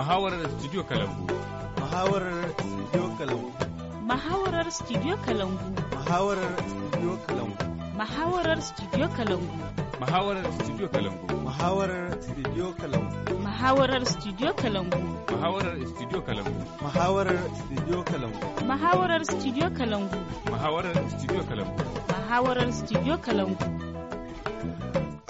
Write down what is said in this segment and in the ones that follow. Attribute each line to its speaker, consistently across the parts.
Speaker 1: Muhawarar Studio kalangu Muhawarar Studio kalangu
Speaker 2: Muhawarar Studio kalangu
Speaker 1: Muhawarar Studio kalangu
Speaker 2: Muhawarar Studio kalangu Muhawarar Studio kalangu Muhawarar Studio kalangu Muhawarar Studio kalangu Muhawarar Studio kalangu Muhawarar Studio kalangu Muhawarar Studio kalangu Muhawarar Studio kalangu Muhawarar Studio studio kalangu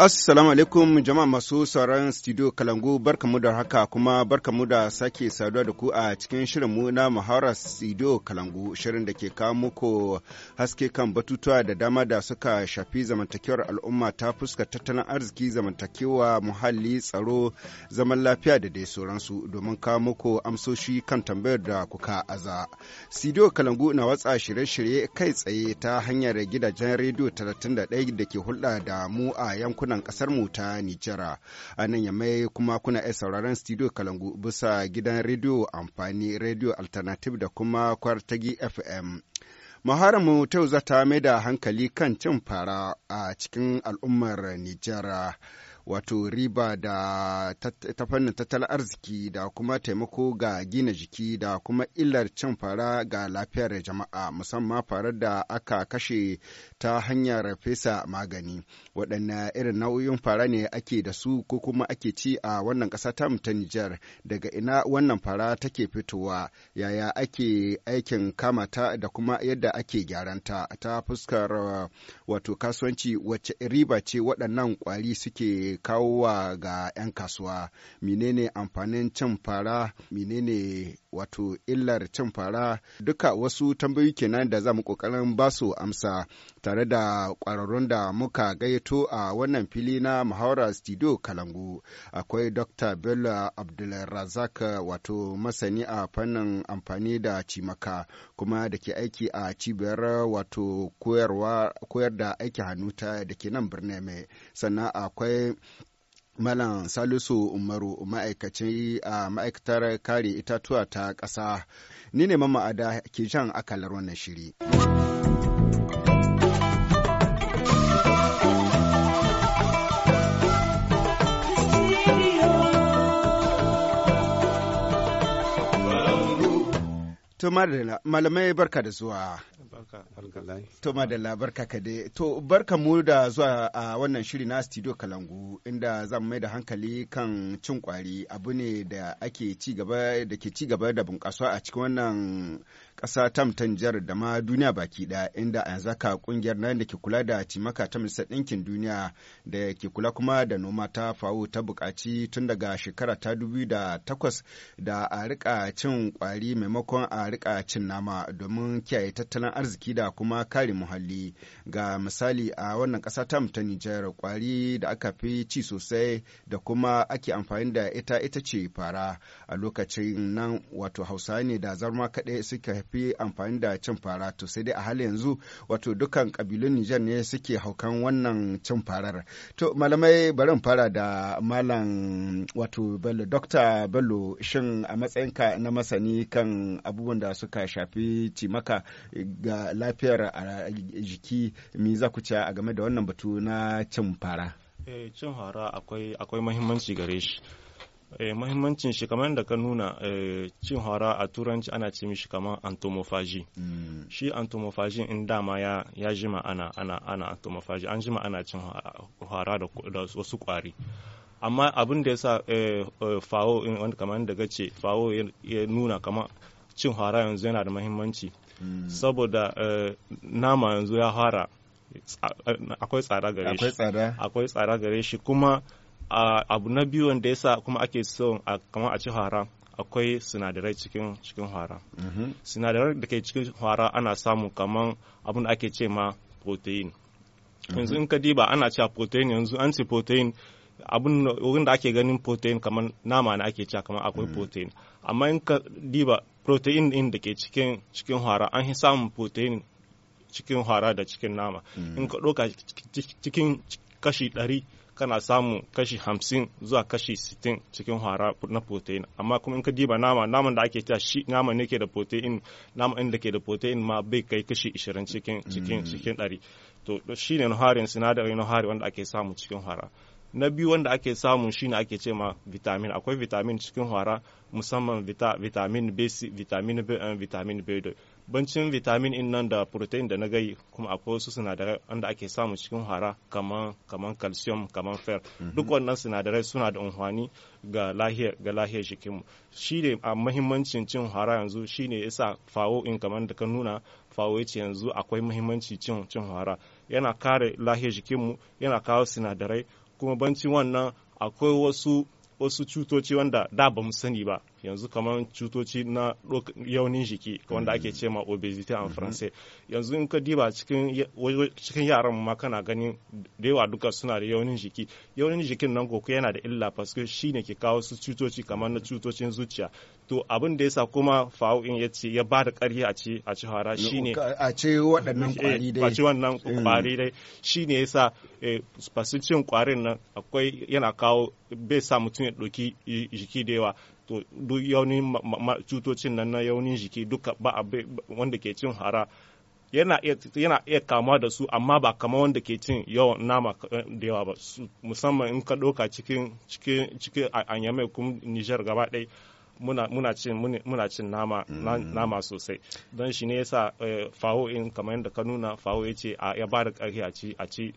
Speaker 2: Assalamu alaikum jama'a masu sauran studio Kalangu barkamu da haka kuma barkamu da sake saduwa da ku a cikin shirinmu na muhawarar studio Kalangu shirin da ke kawo muku haske kan batutuwa da dama da suka shafi zamantakewar al'umma ta fuska tattalin arziki zamantakewa muhalli tsaro zaman lafiya da dai sauransu domin kawo muku amsoshi kan tambayar da kuka aza. Studio Kalangu na watsa shirye-shirye kai tsaye ta hanyar gidajen rediyo 31 da ke hulɗa da mu a yankunan yankunan kasar mu ta Nijera. A nan ya yamai kuma kuna iya sauraron studio Kalangu bisa gidan rediyo amfani rediyo alternative da kuma kwartagi FM. mu ta za ta mai da hankali kan cin fara a cikin al'ummar Nijera. wato riba da ta fannin tattalin arziki da kuma taimako ga gina jiki da kuma illar cin fara ga lafiyar jama'a musamman farar da aka kashe ta hanyar fesa magani waɗanne irin nau'in fara ne ake da su ko kuma ake ci a wannan ƙasa ta ta Nijar daga ina wannan fara take fitowa yaya ake aikin kamata da kuma yadda ake gyaranta ta fuskar wato kasuwanci wacce riba ce waɗannan kwari suke kawowa ga 'yan kasuwa menene amfanin cin fara menene wato illar cin fara duka wasu tambayoyi kenan da za mu kokarin basu amsa tare da ƙwararrun da muka gayyato a wannan fili na muhawara studio kalangu akwai dr bello abdulrazak wato masani a fannin amfani da cimaka kuma da ke aiki a cibiyar wato koyar da aiki hannu ta da ke nan birnin mai sannan akwai Malam Salisu Umaru ma'aikacin a ma'aikatar kare itatuwa ta ƙasa, ni ne mamma ada ke jan akalar wannan shiri. To malamai barka da zuwa. To madalla barka ka dai. To barka mu da zuwa a wannan shiri na studio Kalangu inda zan mai da hankali kan cin kwari abu ne da ake ci gaba da ke ci gaba da bunƙasa a cikin wannan ƙasa ta mutanjar da ma duniya baki da inda a zaka kungiyar ƙungiyar nan da ke kula da cimaka ta Majalisar Ɗinkin Duniya da ke kula kuma da noma ta fawo ta buƙaci tun daga shekara ta dubu da takwas da a rika cin kwari maimakon a a rika cin nama domin kiyaye tattalin arziki da kuma kare muhalli ga misali a wannan ƙasa ta ta Nijar kwari da aka fi ci sosai da kuma ake amfani da ita ita ce fara a lokacin nan wato hausa ne da zarma kaɗai suka fi amfani da cin fara to sai dai a halin yanzu wato dukkan ƙabilun Nijar ne suke haukan wannan cin farar to malamai barin fara da malam wato bello dokta bello shin a matsayinka na masani kan abubuwan wanda suka shafi cimaka eh, ga lafiyar jiki me za ku ci a game da wannan batu na cin fara
Speaker 1: eh, cin fara akwai mahimmanci gare shi eh, mahimmancin shi kamar da ka nuna cin fara a turanci ana ce mishi kamar antomofaji mm. shi antomofaji in dama ya ya jima ana ana ana antomofaji an jima ana cin fara da wasu kwari amma abin da ya sa fawo wanda kamar da gace fawo ya nuna kamar cin hara yanzu yana da mahimmanci hmm. saboda eh, nama yanzu ya fara eh, akwai tsada gare shi akwai tsada gare shi kuma abu na biyu wanda sa kuma ake so kamar a ci hara akwai sinadarai cikin cikin hara mm-hmm. sinadarai da ke cikin hara ana samu kamar abin da ake ce ma protein mm-hmm. yanzu in ka diba ana cewa protein yanzu an ce protein abin wurin da ake ganin protein kamar nama na ake cewa kamar akwai mm. protein amma in ka diba protein din da ke cikin cikin hwara an fi samun protein cikin hwara da cikin nama mm. in ka ɗauka cikin kashi ɗari kana samun kashi hamsin zuwa kashi sittin cikin hwara na protein amma kuma in ka diba nama naman da ake ta shi nama ne ke da protein nama inda ke da protein ma bai kai kashi ishirin cikin cikin mm. cikin ɗari to shi ne na harin sinadarin hari wanda ake samu cikin hwara na biyu wanda ake samu shine ake ce ma vitamin akwai vitamin cikin hwara musamman vitamin b vitamin b eh, vitamin b bancin vitamin in nan da protein da na gai kuma akwai wasu sinadarai wanda ake samu cikin hara kaman kaman calcium kaman fer mhm. duk wannan sinadarai suna da unhwani ga lahiyar shi ne ah, a mahimmancin cin hara yanzu shine yasa fawo in kaman da ka nuna fawo yace yanzu akwai mahimmanci cin cin yana kare lahiyar jikinmu yana kawo sinadarai kuma bancin wannan akwai wasu wasu cutoci wanda da ba mu sani ba yanzu kamar cutoci na yaunin jiki wanda ake ce ma obesity a france yanzu in ka diba cikin yaran ma kana ganin da yawa duka suna da yaunin jiki yaunin jikin nan koko yana da illa paske shi ne ke kawo su cutoci kamar na cutocin zuciya to abin da sa kuma fa'o'in ya ce ya ba da ƙarfi a ce a ci hara ne. a ce waɗannan kwari eh, dai a ce wannan kwari eh. dai shi shine yasa fasicin eh, kwarin nan akwai yana kawo bai sa mutum ya ɗauki jiki da yawa to cutocin nan na yaunin jiki duka ba wanda ke cin hara yana iya kama da su amma ba kama wanda ke cin yawan nama da yawa ba musamman in ka ɗauka cikin cikin anyamai kuma Nijar gaba ɗaya muna cin muna cin nama mm. nama sosai don shi ne yasa eh, fawo in kamar yadda ka nuna fawo ya ce ya ba da ƙarfi a ci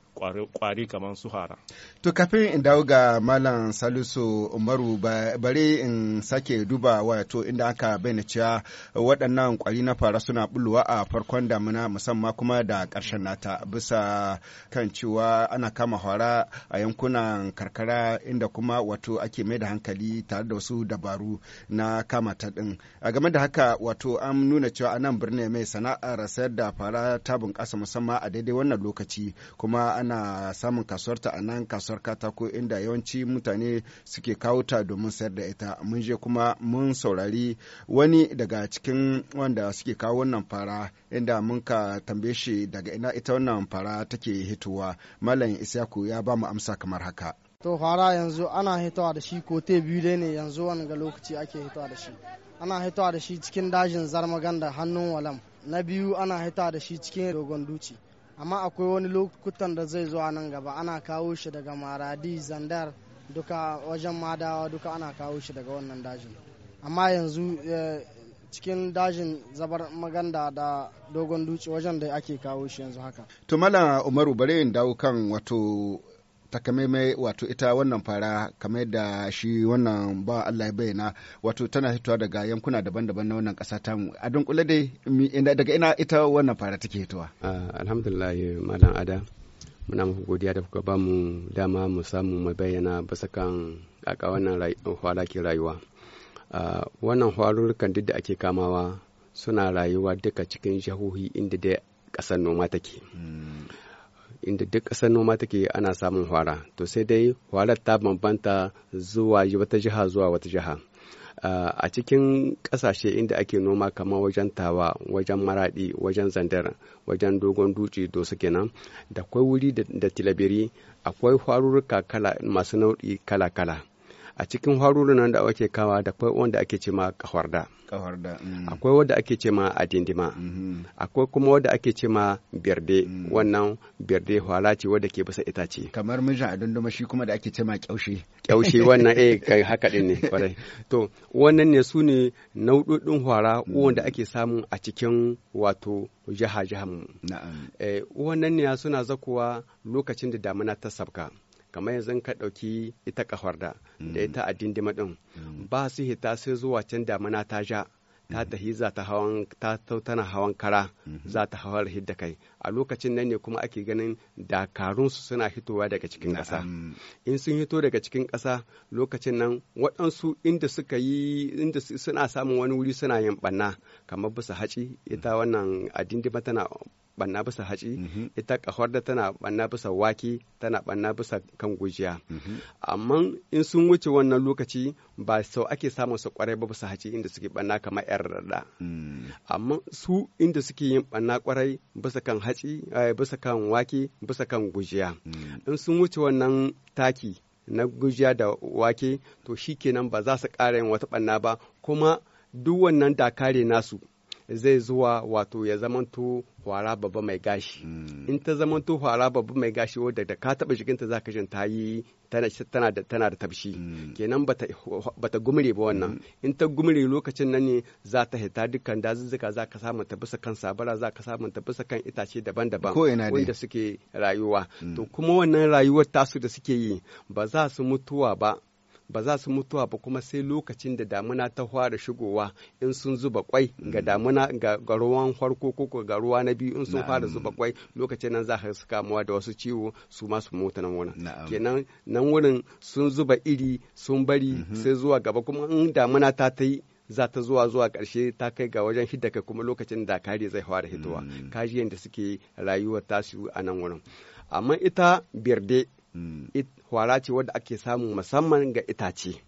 Speaker 1: kwari kamar su hara.
Speaker 2: To kafin in dawo ga Malam Salisu Umaru bare in sake duba wato inda aka bayyana cewa waɗannan kwari na fara suna bulwa a farkon damina musamman kuma da ƙarshen nata bisa kan cewa ana kama hara a yankunan karkara inda kuma wato ake mai da hankali tare da wasu dabaru na kama ta ɗin. A game da haka wato an nuna cewa anan nan birnin mai sana'ar sayar da fara ta bunƙasa musamman a daidai wannan lokaci kuma ana ana samun kasuwarta a nan kasuwar katako inda yawanci mutane suke kawo ta domin sayar da ita mun je kuma mun saurari wani daga cikin wanda suke kawo wannan fara inda mun ka tambaye shi daga ina ita wannan fara take hitowa malam isyaku ya ba mu amsa kamar
Speaker 3: haka to fara yanzu ana hitowa da shi ko te biyu ne yanzu wani ga lokaci ake hitowa da shi ana hitowa da shi cikin dajin zarmaganda da hannun walam na biyu ana hitowa da shi cikin dogon duci amma akwai wani lokutan da zai zo a nan gaba ana kawo shi daga maradi zandar duka wajen madawa duka ana kawo shi daga wannan dajin amma yanzu eh, cikin dajin zabar maganda da dogon dutse wajen da ake kawo shi yanzu haka.
Speaker 2: Tumala Umaru bare in dawo kan wato takamaimai wato ita wannan fara kamar da shi wannan ba Allah ya bayyana wato tana fitowa daga yankuna daban-daban na wannan ta tamu a dunkule dai daga ina ita wannan fara take fitowa
Speaker 4: ah, alhamdulillah malam ada muna muku godiya da kuka ba mu dama mu samu mu bayyana bisa kan aka wannan hwala ke rayuwa ah, wannan hwalurukan duk da ake kamawa suna rayuwa duka cikin jahohi inda dai kasar noma take hmm. inda duk ƙasar noma take ana samun hwara to sai dai hwarar ta bambanta zuwa wata jiha zuwa wata jiha a cikin ƙasashe inda ake noma kamar wajen tawa wajen maraɗi wajen zandar wajen dogon dutse dosu kenan da akwai wuri da tilabiri akwai hwarurruka masu nau'i kala-kala a cikin harurunan da wake kawa da akwai wanda ake ce ma kawarda
Speaker 2: mm.
Speaker 4: akwai wanda ake ce ma adindima mm-hmm. akwai kuma wanda ake ce ma berde mm. wannan berde hwala ce wanda ke bisa itace kamar mijin adindima shi
Speaker 2: kuma da ake ce ma kyaushe
Speaker 4: kyaushe wannan eh kai haka din ne kwarai to wannan ne su ne nau'o'in hwara mm. wanda ake samu a cikin wato jiha jiha mu eh, wannan ne suna zakuwa lokacin da damina ta sabka kamar yanzu ka ɗauki ita kahwar da da mm. ita a dindima ɗin mm. ba su hita sai zuwa can damana ta ja ta mm. tahi za ta hawan ta tana hawan kara mm-hmm. za ta hawar hidda kai a lokacin nan ne kuma ake ganin dakarun su suna hitowa daga cikin ƙasa in sun hito daga cikin ƙasa lokacin nan waɗansu inda suka yi inda suna samun wani wuri suna yin ɓanna kamar bisa haci ita wannan dindima tana banna bisa haci mhm. ita kahor da tana banna bisa wake tana banna bisa kan gujiya mhm. amma in sun wuce wannan lokaci ba sau ake samun su kwarai ba bisa haci inda suke banna kamar yar rada mm. amma su inda suke yin banna kwarai bisa kan haci eh, bisa kan wake bisa kan gujiya mm. in sun wuce wannan taki na gujiya da wake to shi shikenan ba za su ƙara yin wata banna ba kuma duk wannan dakare nasu zai zuwa wato ya zamanto hwara babba mai gashi hmm. in ta zamanto hwara babba mai gashi wadda da ka taba ta zaka jin ta yi tana da tana da tabshi hmm. kenan bata gumire ba wannan hmm. in ta gumire lokacin nan ne za ta hita dukkan dazuzzuka za ka samu ta bisa kan sabara za ka samu ta bisa kan itace daban-daban wanda suke rayuwa to kuma wannan rayuwar tasu da suke yi ba za su mutuwa ba ba za su mutuwa ba kuma sai lokacin da damuna ta fara shigowa in sun zuba kwai ga mm. damuna ga ruwan farko ko ga ruwa na biyu in sun fara zuba kwai lokacin nan za su kamuwa da wasu ciwo su ma su mutu nan wurin kenan nan wurin sun zuba iri sun bari mm-hmm. sai zuwa gaba kuma in damuna ta ta yi za ta zuwa zuwa ƙarshe ta kai ga wajen hidda kai kuma lokacin da kare zai fara hitowa mm. kaji da suke rayuwar tasu a nan wurin amma ita birde hwara mm. ce wadda ake samu musamman ga itace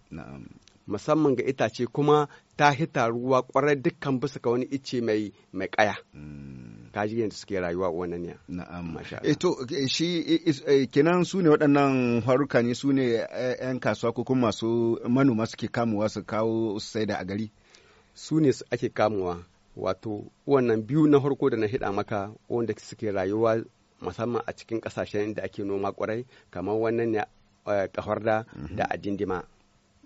Speaker 4: musamman ga itace kuma ta hita ruwa kwarai dukkan bisa ka wani ice mai mai kaya mm. ji yadda suke rayuwa wannan ne na'am eh
Speaker 2: to eh, shi eh, kenan su ne waɗannan haruka ne su ne yan kasuwa ko kuma masu manoma suke kamuwa su kawo su sai da a gari
Speaker 4: su ne ake kamuwa wato wannan biyu na harko da na hida maka wanda suke rayuwa musamman a cikin kasashen da ake noma kwarai kamar wannan ne kahorda eh, da mhm. adindima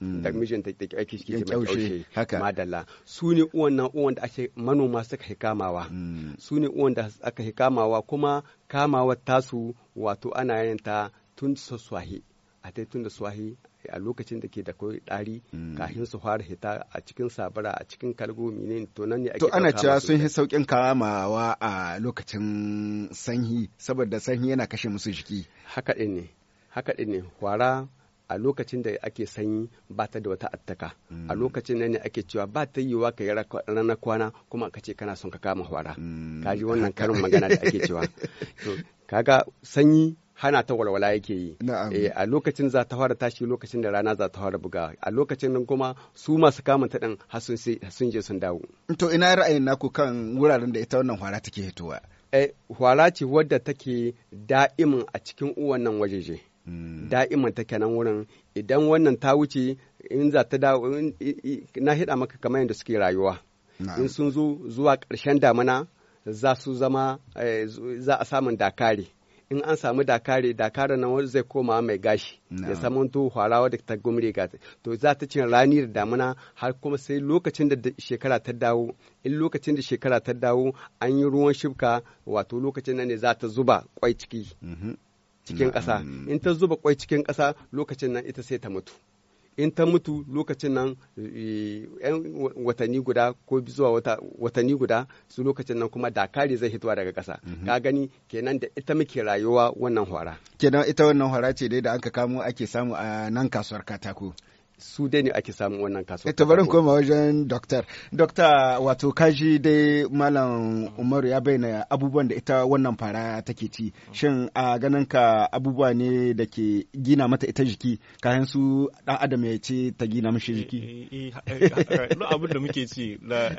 Speaker 4: mm. da mijin ta ake shi mai kyaushe madalla su ne uwan nan uwan da ake manoma suka yi kamawa mm. su ne uwan da aka yi kamawa kuma kamawa tasu wato ana yin ta tun swahi a tun da swahi a lokacin da ke da kawai ɗari hmm. kafin su fara hita a cikin sabara a cikin kargo mine to nan ne ake to ana cewa sun
Speaker 2: yi saukin kamawa a
Speaker 4: lokacin sanyi saboda sanyi yana kashe musu jiki haka ɗin ne haka ɗin ne hwara a lokacin da ake sanyi ba ta da wata attaka a hmm. lokacin da ne ake cewa ba ta yiwa ka yi ranar kwana kuma ka ce kana son ka kama hwara hmm. ka ji wannan karin magana da ake cewa kaga sanyi hana ta walwala yake yi eh, a lokacin za ta fara tashi lokacin da rana za ta fara buga a lokacin nan kuma su masu kamun ta din sun je sun dawo to ina ra'ayin naku kan wuraren da ita wannan hwara take hitowa eh hwara ce wadda take da'imin a cikin uwan nan wajeje hmm. da'imin take nan wurin idan wannan ta wuce in za ta dawo na hida maka kamar yadda suke rayuwa in sun zo zuwa ƙarshen damana za su zama eh, za a samun dakari in an samu dakare dakare nan wanda zai koma mai gashi ya samu to da ta gumri ga to za ta cin rani da damuna har kuma sai lokacin da shekara ta dawo in lokacin da shekara ta dawo an yi ruwan shibka wato lokacin nan ne za ta zuba kwai ciki mhm. cikin ƙasa in ta zuba kwai cikin ƙasa lokacin nan ita sai ta mutu in ta mutu lokacin nan e, yan watanni guda ko zuwa watanni guda su lokacin nan kuma dakari zai hitowa daga ƙasa mhm. ka gani kenan da ita muke rayuwa wannan hora
Speaker 2: kenan ita wannan hora ce dai da aka kamo
Speaker 4: ake samu a nan kasuwar katako su dai ne ake samun wannan kasuwa. Ita eh, barin koma
Speaker 2: wajen doktor. Doktor wato kaji dai Malam Umaru ya bayyana abubuwan da ita wannan fara take ci. Shin a ganin ka abubuwa ne da ke gina mata ita jiki kayan su ɗan adam ya ce ta gina mishi jiki.
Speaker 1: Eh, eh, abin da muke ci da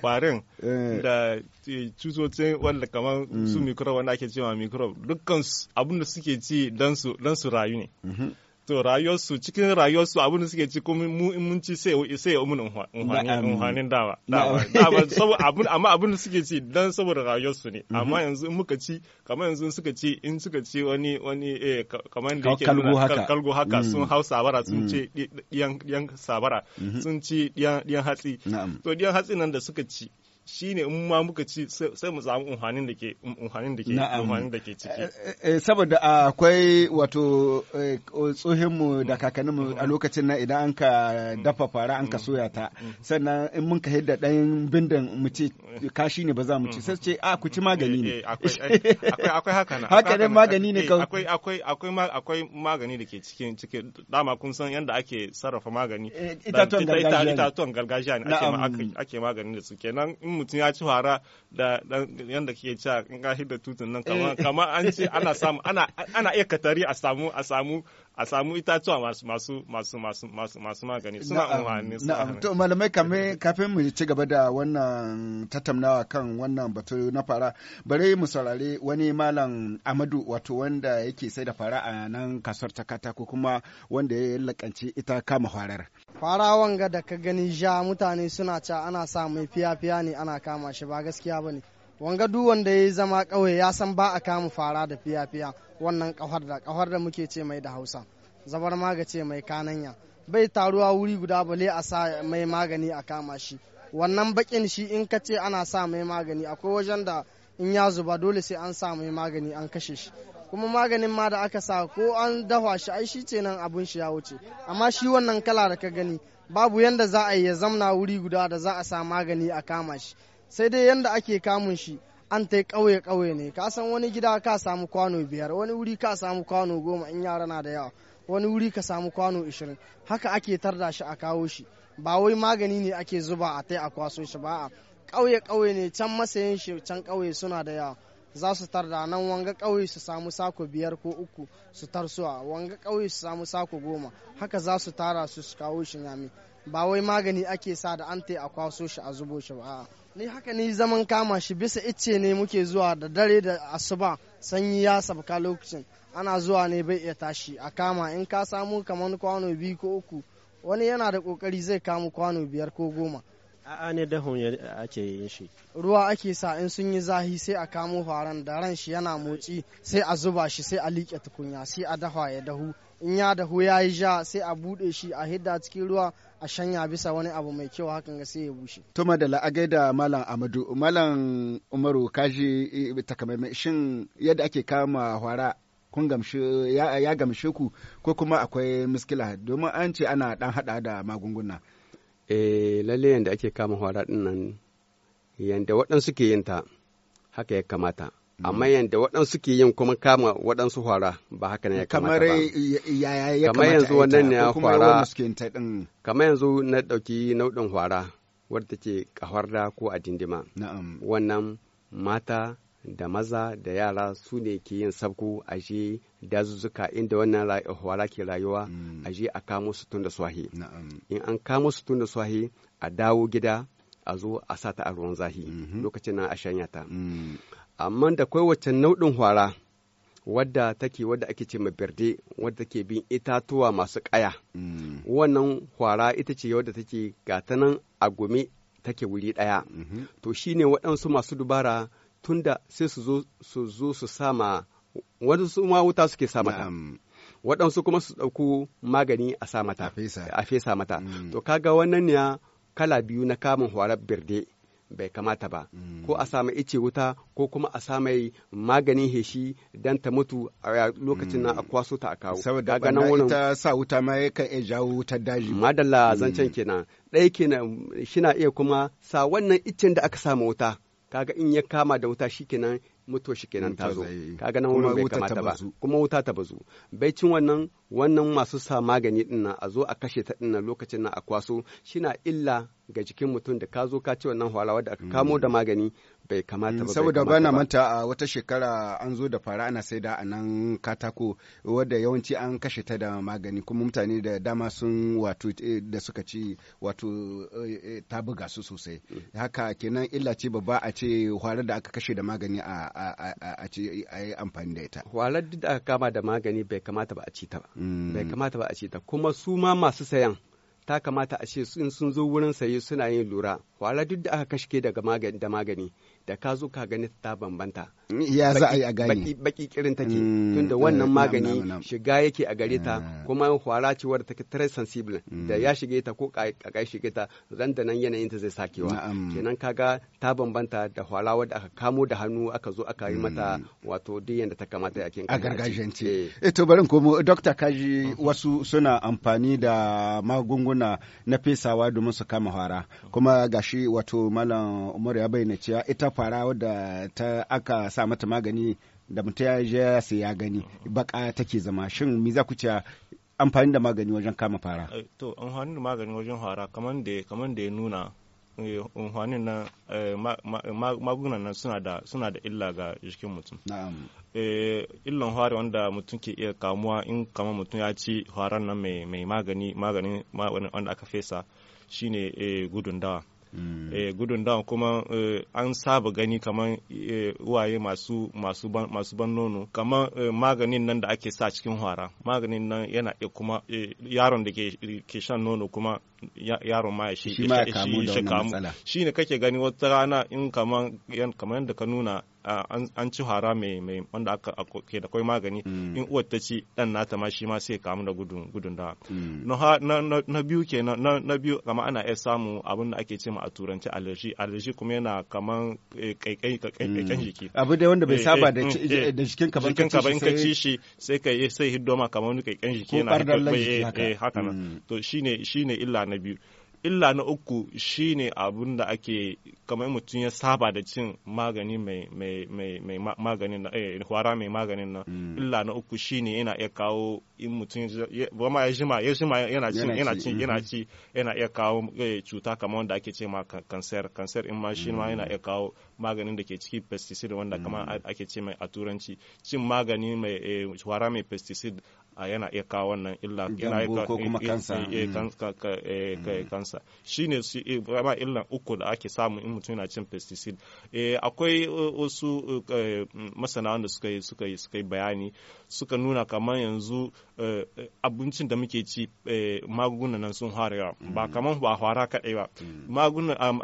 Speaker 1: kwarin da cutocin wanda kamar su mm. mikro wanda ake cewa mikro dukkan abin da suke ci don su rayu ne. Mm-hmm. to rayuwarsu cikin rayuwarsu abin da suke ci kuma mu in mun ci sai sai mun unhwanin dawa dawa saboda abin amma abin da suke ci dan saboda rayuwarsu ne amma yanzu in muka ci kamar yanzu suka ci in suka ci wani wani eh kamar da yake kalgo haka kalgo haka sun hau sabara sun ci diyan diyan sabara sun ci diyan diyan hatsi to diyan hatsi nan da suka ci shi ne in ma muka ci sai mu samu unhanin da ke ciki eh,
Speaker 2: eh, saboda akwai wato eh, tsohinmu da kakannin a lokacin na idan an ka dafa fara an ka mm. soya ta mm. sannan in mun ka hidda dan bindin mu ce kashi ne ba za mu ci mm-hmm.
Speaker 1: sai ce a ah, ku ci mm-hmm. magani ne eh, eh, eh, akwai haka na haka ne magani ne kawai akwai akwai akwai akwai magani da ke cikin cikin dama kun san yanda ake sarrafa magani itatuwan gargajiya itatuwan gargajiya ne ake ake magani da su kenan in mutum ya ci hara da yanda kike cewa in ka hidda tutun nan kamar kamar an ce ana samu ana ana iya katari a samu a samu a samu itatuwa masu masu masu masu masu masu magani suna umarni suna
Speaker 2: to malamai kafin mu ci gaba da wannan tattaunawa kan wannan batu na fara bare mu saurari wani malam Amadu wato wanda yake sai da fara a nan kasuwar ta katako kuma wanda ya lakanci ita kama farar
Speaker 3: fara wanga da ka gani ja mutane suna ca ana sa mai fiya fiya ne ana kama shi ba gaskiya ba ne wanga duk wanda ya zama kauye ya san ba a kama fara da fiya fiya wannan kahwar da kahwar da muke ce mai da hausa zabar maga ce mai kananya bai taruwa wuri guda bale a sa mai magani a kama shi wannan bakin shi in ka ce ana sa mai magani akwai wajen da in ya zuba dole sai an sa mai magani an kashe shi kuma maganin ma da aka sa ko an dafa shi ai shi ce nan abun shi ya wuce amma shi wannan kala da ka gani babu yanda za a yi ya zamna wuri guda da za a sa magani a kama shi sai dai yanda ake kamun shi an ta ƙauye ƙauye ne ka san wani gida ka samu kwano biyar wani wuri ka samu kwano goma in yara na da yawa wani wuri ka samu kwano ishirin haka ake tarda shi a kawo shi ba wai magani ne ake zuba a tai a kwaso shi ba a ƙauye ƙauye ne can masayin shi can ƙauye suna da yawa za su tarda nan wanga ƙauye su samu sako biyar ko uku su tarsuwa wanga ƙauye su samu sako goma haka za su tara su su kawo shi nyami ba wai magani ake sa da an tai a kwaso shi a zubo shi ba a'a ni haka ni zaman kama shi bisa icce ne muke zuwa da dare da asuba sanyi ya sabka lokacin ana zuwa ne bai iya tashi a kama in ka samu kamar kwano biyu ko uku wani yana da kokari zai kamu kwano biyar ko goma
Speaker 2: a'a ne dahon ake yin shi
Speaker 3: ruwa ake sa in sun yi zahi sai a kamo faran da ran shi yana motsi sai a zuba shi sai a liƙe tukunya sai a dafa ya dahu in ya dahu ya yi ja sai a buɗe shi a hidda cikin ruwa a shanya bisa wani abu mai kyau hakan ga sai ya bushe.
Speaker 2: Tuma da la'agai da Malam Amadu, Malam Umaru kaji eh, takamaiman shin yadda ake kama hwara kun gamshe ya, gamshe ku ko kuma akwai miskila domin an ce ana dan hada da magunguna.
Speaker 4: Eh lalle yadda ake kama hwara din nan yadda waɗansu ke yin ta haka ya kamata. amma yadda waɗansu ke yin kuma kama waɗansu hwara ba haka ne ya kamata
Speaker 2: ba kamar yanzu wannan ne hwara
Speaker 4: kamar yanzu na ɗauki nau'in hwara wadda ke kahwarda ko a dindima wannan mata da maza da yara su ne ke yin sabku a je dazuzzuka inda wannan hwara ke rayuwa mm. a je a kamo su tun da swahi in an kamo su tun da swahi a dawo gida a zo a sata a ruwan zahi mhm. lokacin nan a shanya ta mm. amma da kwai wacce nau'in hwara wadda take wadda ake ce birde wadda ke bin itatuwa masu kaya mm. wannan hwara ita ce wadda take gata nan a gome take wuri ɗaya mm-hmm. to shine waɗansu masu dubara tunda sai su zo su zo su sama wasu ma wuta suke sa mata waɗansu kuma su ɗauko magani a sa mata a fesa mata mm. to kaga wannan ne kala biyu na kamun hwarar birde bai kamata ba mm. ko a sami ice wuta ko kuma a samu maganin heshi don ta mutu a lokacin nan a mm. kwaso ta a kawo saboda ganin ta ita sa wuta ma yakan iya jawo wutar daji madalla mm. zancen kenan ɗaya kenan shina iya kuma sa wannan icen da aka samu wuta kaga in ya kama da wuta shikenan mutuwa shi kenan ta zo kaga nan wurin bai kamata ba kuma wuta ta bazu baicin wannan wannan masu sa magani din a zo a kashe ta din lokacin nan a kwaso shina illa ga jikin mutum da ka zo ka ci wannan hwarawa da aka kamo da mm. magani bai kamata ba mm, saboda bana manta
Speaker 2: a wata shekara an zo da fara ana saida a nan katako wadda yawanci an kashe ta da magani kuma mutane da dama sun wato eh, da suka ci wato eh, eh, ta buga su sosai mm. haka kenan illa ce babba a ce hwalar da aka kashe da magani a ce a yi amfani da ita
Speaker 4: hwalar da aka kama da magani bai kamata ba a ci ta ba bai kamata ba a ci ta kuma su ma masu sayan ta kamata a ce in sun zo wurin saye suna yin lura kwara duk da aka kashke daga da magani da ka zo ka gani ta bambanta ya za a yi a gani baki kirin take mm. tunda wannan mm. magani shiga yake a gare ta mm. kuma kwara ce wadda take tare sensible da ya shige ta ko kai shige ta zan da nan yanayin ta zai sakewa kenan kaga ta bambanta da kwara wadda aka kamo da hannu aka zo aka yi mata wato duk yanda ta kamata a kin a gargajiyance eh,
Speaker 2: eh to bari komo dokta kaji mm-hmm. wasu suna amfani da magunguna na fesawa domin su kama fara kuma gashi wato malam umar ya bayyana cewa ita fara wadda ta aka sa mata magani da mutum ya je sai ya gani baka take zama shin me za ku ce amfani da magani wajen kama fara
Speaker 1: eh, to amfani da magani wajen fara kamar da kamar da ya nuna eh, amfanin nan eh, magunan nan suna da suna da illa ga jikin mutum na'am illan fara wanda mutum ke iya kamuwa in kamar mutum ya ci faran nan mai magani maganin wanda aka fesa shine gudun dawa Mm. Eh, gudun dawa kuma eh, an saba gani kamar eh, uwaye masu masu ban nono kamar maganin nan da ake sa cikin hwara maganin nan yana kuma yaron da ke shan nono kuma yaron ma ya shi shi ma kamu da wannan matsala shi ne kake gani wata rana in kaman yadda ka nuna an ci hara mai mai wanda aka ke da kai magani mm. in uwar ta ci dan nata ma shi ma sai kamu da gudun gudun da mm. na biyu ke na biyu kama ana iya samu abin da ake ce ma a turanci allergy allergy kuma yana kaman kaikai eh, kaikai mm. jiki
Speaker 2: abu dai wanda bai eh, saba eh, da jikin ka ban ka ci shi
Speaker 1: sai kai sai hiddo ma kaman wani kaikai jiki yana haka to shine shine illa na biyu illa na uku shine abun da ake kamar mutum ya saba da cin magani mai mai mai maganin na eh, hwara mai maganin na mm. illa na uku shine yana iya kawo in mutum ya jima ya jima yana cin yana cin mm-hmm. yana ci yana iya kawo eh, cuta kamar wanda ake ce ma cancer in ma shi ma yana mm. iya kawo maganin da ke ciki pesticide wanda kamar mm. ake ce mai a turanci cin magani mai eh, hwara mai pesticide a yana iya kawo wannan illa yana iya ko kuma kansa kansa shine su eh, ba illan uku da ake samu in mutum yana cin pesticide eh, akwai eh, wasu masana wanda suka yi suka yi suka yi bayani suka nuna kamar yanzu abincin da muke ci magungunan nan sun harewa mm. ba kamar ba hwara kadai ba mm. magungunan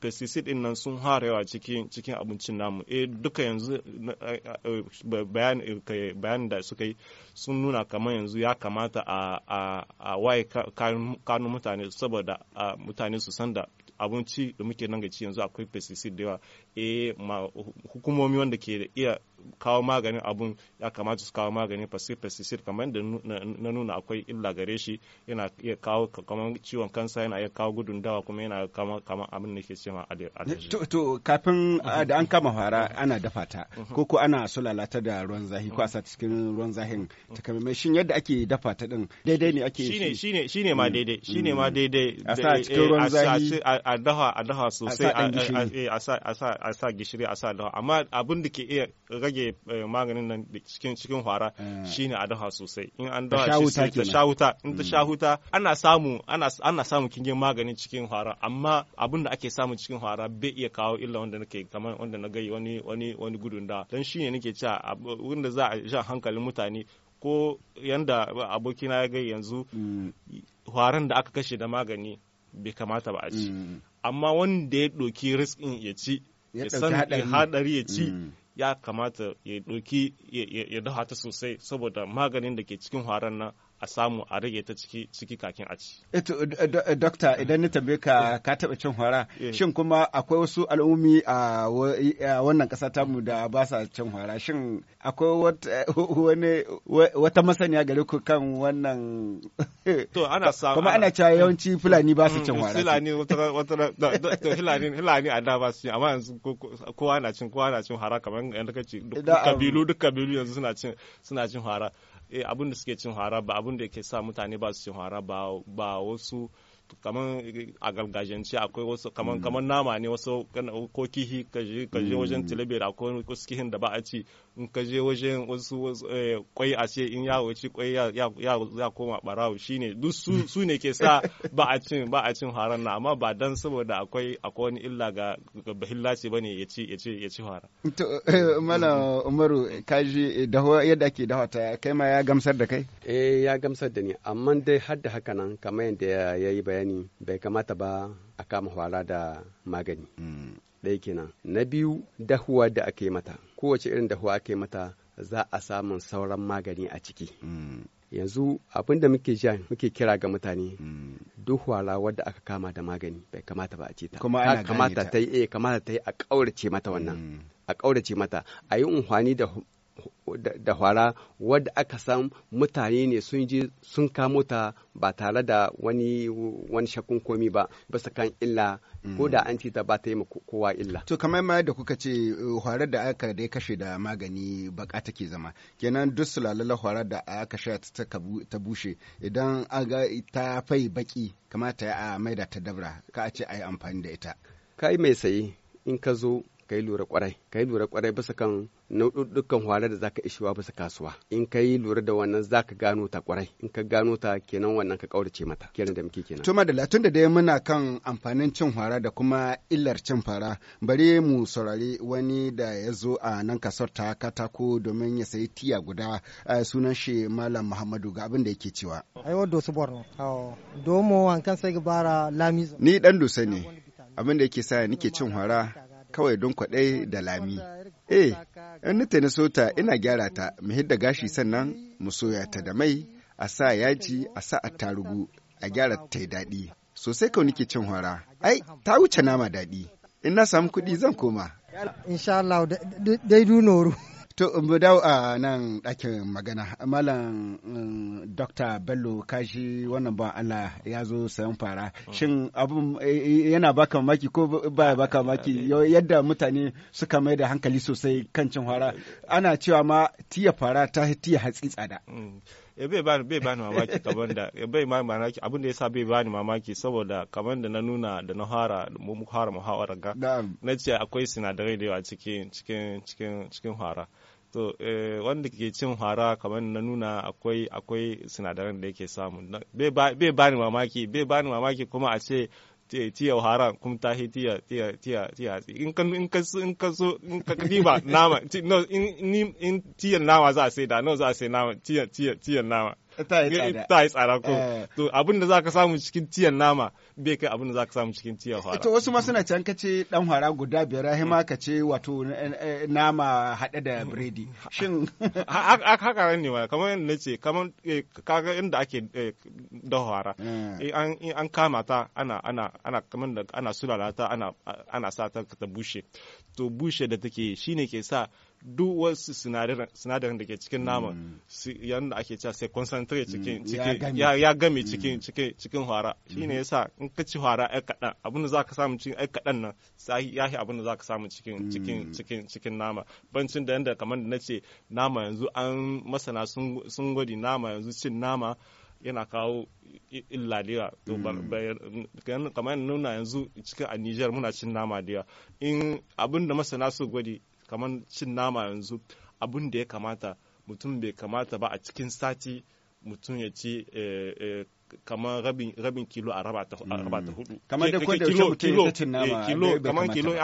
Speaker 1: pesticide din nan sun harewa cikin cikin abincin namu eh duka yanzu bayani da suka yi sun nuna kamar yanzu ya kamata a waye kanu mutane saboda mutane su san da abinci da muke nan ga ci yanzu akwai pesticide da yawa ma hukumomi wanda ke iya kawo maganin abun ya kamata su kawo maganin pesticide kamar da na nuna akwai illa gare shi yana iya kawo kamar ciwon kansa yana iya kawo gudun dawa kuma yana kama abin da ke ce ma
Speaker 2: to, to kafin da an kama fara mm-hmm. ana dafa ta mm-hmm. ko ko ana sulalata da ruwan zahi ko a mm-hmm. cikin ruwan zahin mai shin yadda ake dafa ta din daidai ne ake shine shine shine ma mm. daidai shine ma mm.
Speaker 1: daidai a sa cikin eh, ruwan zahi a dafa a dafa sosai a sa a sa a sa gishiri a sa dawa amma abin da ke iya rage eh, maganin nan cikin cikin hwara eh. shine a dawa sosai in an dawa shi sai ta shahuta in ta shahuta mm. ana samu ana ana samu kingin maganin cikin hwara amma abin da ake samu cikin hwara bai iya kawo illa wanda nake kamar wanda na gai wani wani wani gudun da dan shine nake cewa wanda za a jan hankalin mutane ko yanda abokina ya gai yanzu mm. hwaran da aka kashe da magani bai kamata ba a ci mm. amma wanda ya ɗoki riskin ya ci ya haɗari ya ci mm. ya kamata ya ɗauki ya daha ta sosai saboda maganin da ke cikin haran na. a samu a rage ta ciki kakin a ci.
Speaker 2: Eto eh, eh, dokta eh, idan ni tambaye ka ka taɓa cin hwara shin kuma akwai wasu al'ummi a wannan ƙasa mu da ba sa cin hwara shin akwai wata masaniya gare ku kan
Speaker 1: wannan to ana samu kuma ana
Speaker 2: cewa yawanci hmm. fulani ba su hmm. cin hwara fulani
Speaker 1: wata to fulani fulani a da ba su amma yanzu kowa na cin kowa na cin hwara kamar yanda kace duk kabilu um, duk kabilu yanzu suna cin suna cin hwara Eh, abin da suke cin ba abin da ke sa mutane ba su cin haraba ba wasu kamar eh, a gargajiyance akwai wasu kamar mm. nama ne wasu ko kihi kaje kaje wajen mm. tilibir akwai wasu kihin da ba a ci in ka je wajen wasu eh, kwai a ce in yawo ci kwai ya koma barawo shine duk su ne ke sa ba a cin ba a cin haran na amma ba dan saboda akwai akwai wani illa ga bahillaci bane ya ci ya ci ya ci haran
Speaker 2: to eh, umaru kaji dahuwa yadda ake ta kai ma ya gamsar da kai
Speaker 1: eh ya gamsar
Speaker 4: da ni amma dai har da haka nan kamar yadda yi bayani bai kamata ba a kama hwara da magani mm. ɗaya kenan na biyu dahuwa da aka yi mata kowace irin dahuwa aka mata za a samun sauran magani a ciki mm. yanzu abin da muke jan muke kira ga mutane mm. duk wara wadda aka kama da magani bai kamata ba a ce ta kamata ta yi eh, kamata ta yi a ƙaurace mata wannan mm. a kaurace mata a yi unhwani da da hwara wadda aka san mutane ne sun je sun kamo ta ba tare da wani wani shakun komi ba bisa kan illa mm. ko da an ta ba ta yi kowa illa.
Speaker 2: To kamar ma da kuka ce uh, hwarar da aka dai kashe da magani baka take zama kenan duk sulalala hwarar da aka sha ta bushe idan aga ta fai baki kamata ya a maida ta dabra ka ce a yi amfani
Speaker 4: da ita. ka yi mai sayi in ka zo ka yi lura kwarai ka yi lura kwarai bisa kan nau'uɗɗukan hware da zaka ishiwa bisa kasuwa in ka yi lura da wannan zaka gano ta kwarai in ka gano ta kenan wannan ka kaurace mata kenan da muke kenan. Tuma
Speaker 2: da latun da dai muna kan amfanin cin hwara da kuma illar cin fara bari mu saurari wani da ya zo a nan kasar ta katako domin ya sayi tiya guda sunan shi malam Muhammadu ga abin da yake cewa.
Speaker 3: Ai su Borno. Domo an kan sai gbara lamizo.
Speaker 2: Ni dan dusa ne abin da yake sa nike cin hwara kawai don kwaɗai da lami. Eh, In na sota ina gyara ta, mu hidda gashi sannan mu soya ta da mai, a sa yaji, a sa attarugu, a gyara ta daɗi. Sosai kau nike cin hora Ai, ta wuce nama daɗi. In na samu kuɗi zan koma.
Speaker 3: Insha Allah, dai
Speaker 2: To, mu dawo a nan ɗakin magana. Malam um, Dr. Bello kashi wannan ba Allah ya zo sayan fara. Shin abin eh, yana baka maki ko ba baka maki yadda mutane suka mai da hankali sosai kan cin fara. Ana cewa ma tiya fara ta tiya hatsi tsada. ya mm.
Speaker 1: eh, bai bani mamaki kaman da ya eh, bai ma mamaki abin da yasa bai bani mamaki saboda kaman da na nuna da na hara mu hara muhawara ga na ce akwai sinadarai da yawa cikin cikin cikin cikin hara to eh, wanda ke cin hara kamar na nuna akwai akwai sinadaran da yake samu bai bani mamaki bai bani mamaki kuma a ce tiya hara kuma ta hi tiya tiya tiya tiya in ka in ka in ka so in ka diba nama no in in tiyan nama za a sai da no za a sai nama tiya tiya tiyan nama ta yi tsada ko eh. to abin da zaka samu cikin tiyan nama bai kai abin da zaka samu cikin tiyan fara eh,
Speaker 2: to wasu ma suna can kace dan fara guda biyar ai ma kace wato eh, nama hade
Speaker 1: da hmm. biredi shin haka ne ma kamar yadda nace kamar kaga inda ake da fara hmm. an an kama ta ana ana ana kamar da ana sulalata ana ana sa ta bushe to bushe da take shine ke sa duk wasu sinadaran da ke cikin naman mm. yadda ake cewa sai concentrate mm. cikin ya game mm. cikin cikin hwara shine mm-hmm. yasa in ka ci hwara ai kaɗan abin da za ka samu cikin ai kaɗan nan sai ya yi abin da za ka samu cikin cikin cikin cikin nama bancin da yadda kamar da na ce nama yanzu an masana sun gwadi nama yanzu cin nama yana kawo illa da to kamar nuna yanzu cikin a Nijar muna cin nama da yawa in abin da masana su gwadi kamar cin nama yanzu abun da ya kamata mutum bai kamata ba a cikin sati mutum ya ci eh, eh, kamar rabin kilo a raba ta mm. hudu kamar da kwanda kilo kilo kilo kamar kilo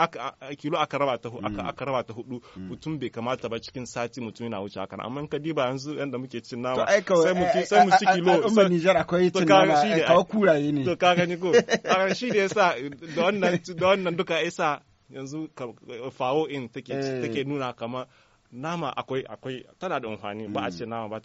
Speaker 1: kilo aka raba ta aka mm. aka raba ta hudu mm. mutum bai kamata ba cikin sati mutum yana wuce hakan amma in ka diba yanzu yanda muke cin nama sai mu sai mu ci kilo sai Niger akwai cin nama kawai
Speaker 2: kuraye ne to ka gani
Speaker 1: ko shi da yasa da wannan da wannan duka yasa yanzu fawo in eh. take nuna kama nama akwai akwai tana da unhwani ba a ce hmm. nama